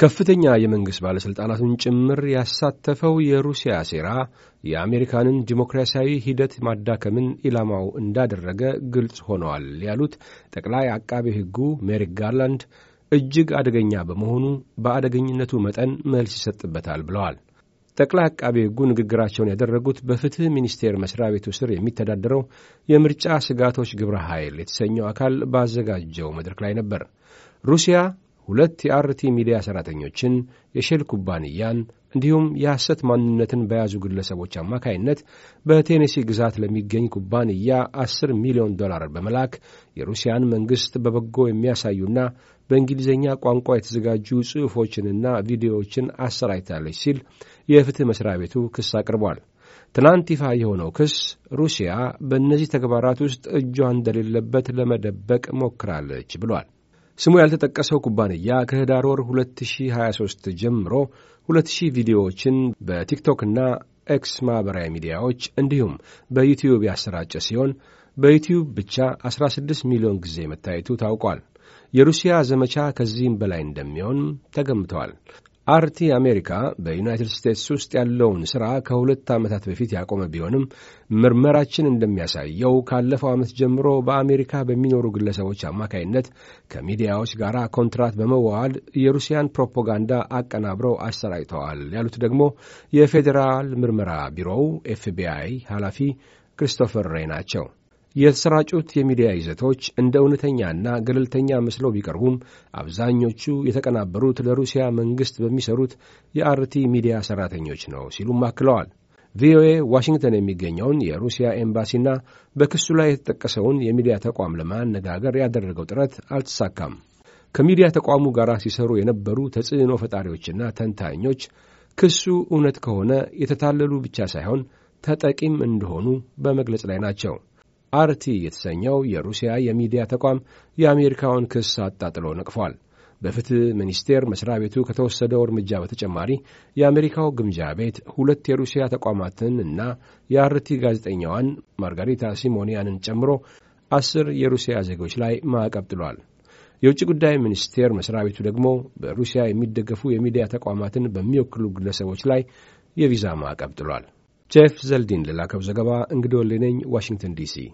ከፍተኛ የመንግሥት ባለሥልጣናቱን ጭምር ያሳተፈው የሩሲያ ሴራ የአሜሪካንን ዲሞክራሲያዊ ሂደት ማዳከምን ኢላማው እንዳደረገ ግልጽ ሆነዋል ያሉት ጠቅላይ አቃቤ ሕጉ ሜሪክ ጋርላንድ እጅግ አደገኛ በመሆኑ በአደገኝነቱ መጠን መልስ ይሰጥበታል ብለዋል። ጠቅላይ አቃቤ ሕጉ ንግግራቸውን ያደረጉት በፍትሕ ሚኒስቴር መሥሪያ ቤቱ ስር የሚተዳደረው የምርጫ ስጋቶች ግብረ ኃይል የተሰኘው አካል ባዘጋጀው መድረክ ላይ ነበር። ሩሲያ ሁለት የአርቲ ሚዲያ ሠራተኞችን፣ የሼል ኩባንያን እንዲሁም የሐሰት ማንነትን በያዙ ግለሰቦች አማካይነት በቴኔሲ ግዛት ለሚገኝ ኩባንያ አስር ሚሊዮን ዶላር በመላክ የሩሲያን መንግሥት በበጎ የሚያሳዩና በእንግሊዝኛ ቋንቋ የተዘጋጁ ጽሑፎችንና ቪዲዮዎችን አሰራጭታለች ሲል የፍትሕ መሥሪያ ቤቱ ክስ አቅርቧል። ትናንት ይፋ የሆነው ክስ ሩሲያ በእነዚህ ተግባራት ውስጥ እጇ እንደሌለበት ለመደበቅ ሞክራለች ብሏል። ስሙ ያልተጠቀሰው ኩባንያ ከህዳር ወር 2023 ጀምሮ 200 ቪዲዮዎችን በቲክቶክና ኤክስ ማኅበራዊ ሚዲያዎች እንዲሁም በዩትዩብ ያሰራጨ ሲሆን በዩትዩብ ብቻ 16 ሚሊዮን ጊዜ መታየቱ ታውቋል። የሩሲያ ዘመቻ ከዚህም በላይ እንደሚሆን ተገምተዋል። አርቲ አሜሪካ በዩናይትድ ስቴትስ ውስጥ ያለውን ሥራ ከሁለት ዓመታት በፊት ያቆመ ቢሆንም ምርመራችን እንደሚያሳየው ካለፈው ዓመት ጀምሮ በአሜሪካ በሚኖሩ ግለሰቦች አማካይነት ከሚዲያዎች ጋር ኮንትራት በመዋዋል የሩሲያን ፕሮፓጋንዳ አቀናብረው አሰራጭተዋል ያሉት ደግሞ የፌዴራል ምርመራ ቢሮው ኤፍቢአይ ኃላፊ ክሪስቶፈር ሬይ ናቸው። የተሰራጩት የሚዲያ ይዘቶች እንደ እውነተኛና ገለልተኛ መስለው ቢቀርቡም አብዛኞቹ የተቀናበሩት ለሩሲያ መንግሥት በሚሰሩት የአርቲ ሚዲያ ሠራተኞች ነው ሲሉም አክለዋል። ቪኦኤ ዋሽንግተን የሚገኘውን የሩሲያ ኤምባሲና በክሱ ላይ የተጠቀሰውን የሚዲያ ተቋም ለማነጋገር ያደረገው ጥረት አልተሳካም። ከሚዲያ ተቋሙ ጋር ሲሰሩ የነበሩ ተጽዕኖ ፈጣሪዎችና ተንታኞች ክሱ እውነት ከሆነ የተታለሉ ብቻ ሳይሆን ተጠቂም እንደሆኑ በመግለጽ ላይ ናቸው። አርቲ የተሰኘው የሩሲያ የሚዲያ ተቋም የአሜሪካውን ክስ አጣጥሎ ነቅፏል። በፍትህ ሚኒስቴር መስሪያ ቤቱ ከተወሰደው እርምጃ በተጨማሪ የአሜሪካው ግምጃ ቤት ሁለት የሩሲያ ተቋማትን እና የአርቲ ጋዜጠኛዋን ማርጋሪታ ሲሞኒያንን ጨምሮ አስር የሩሲያ ዜጎች ላይ ማዕቀብ ጥሏል። የውጭ ጉዳይ ሚኒስቴር መስሪያ ቤቱ ደግሞ በሩሲያ የሚደገፉ የሚዲያ ተቋማትን በሚወክሉ ግለሰቦች ላይ የቪዛ ማዕቀብ ጥሏል። ጄፍ ዘልዲን ለላከው ዘገባ እንግዶ ሌነኝ ዋሽንግተን ዲሲ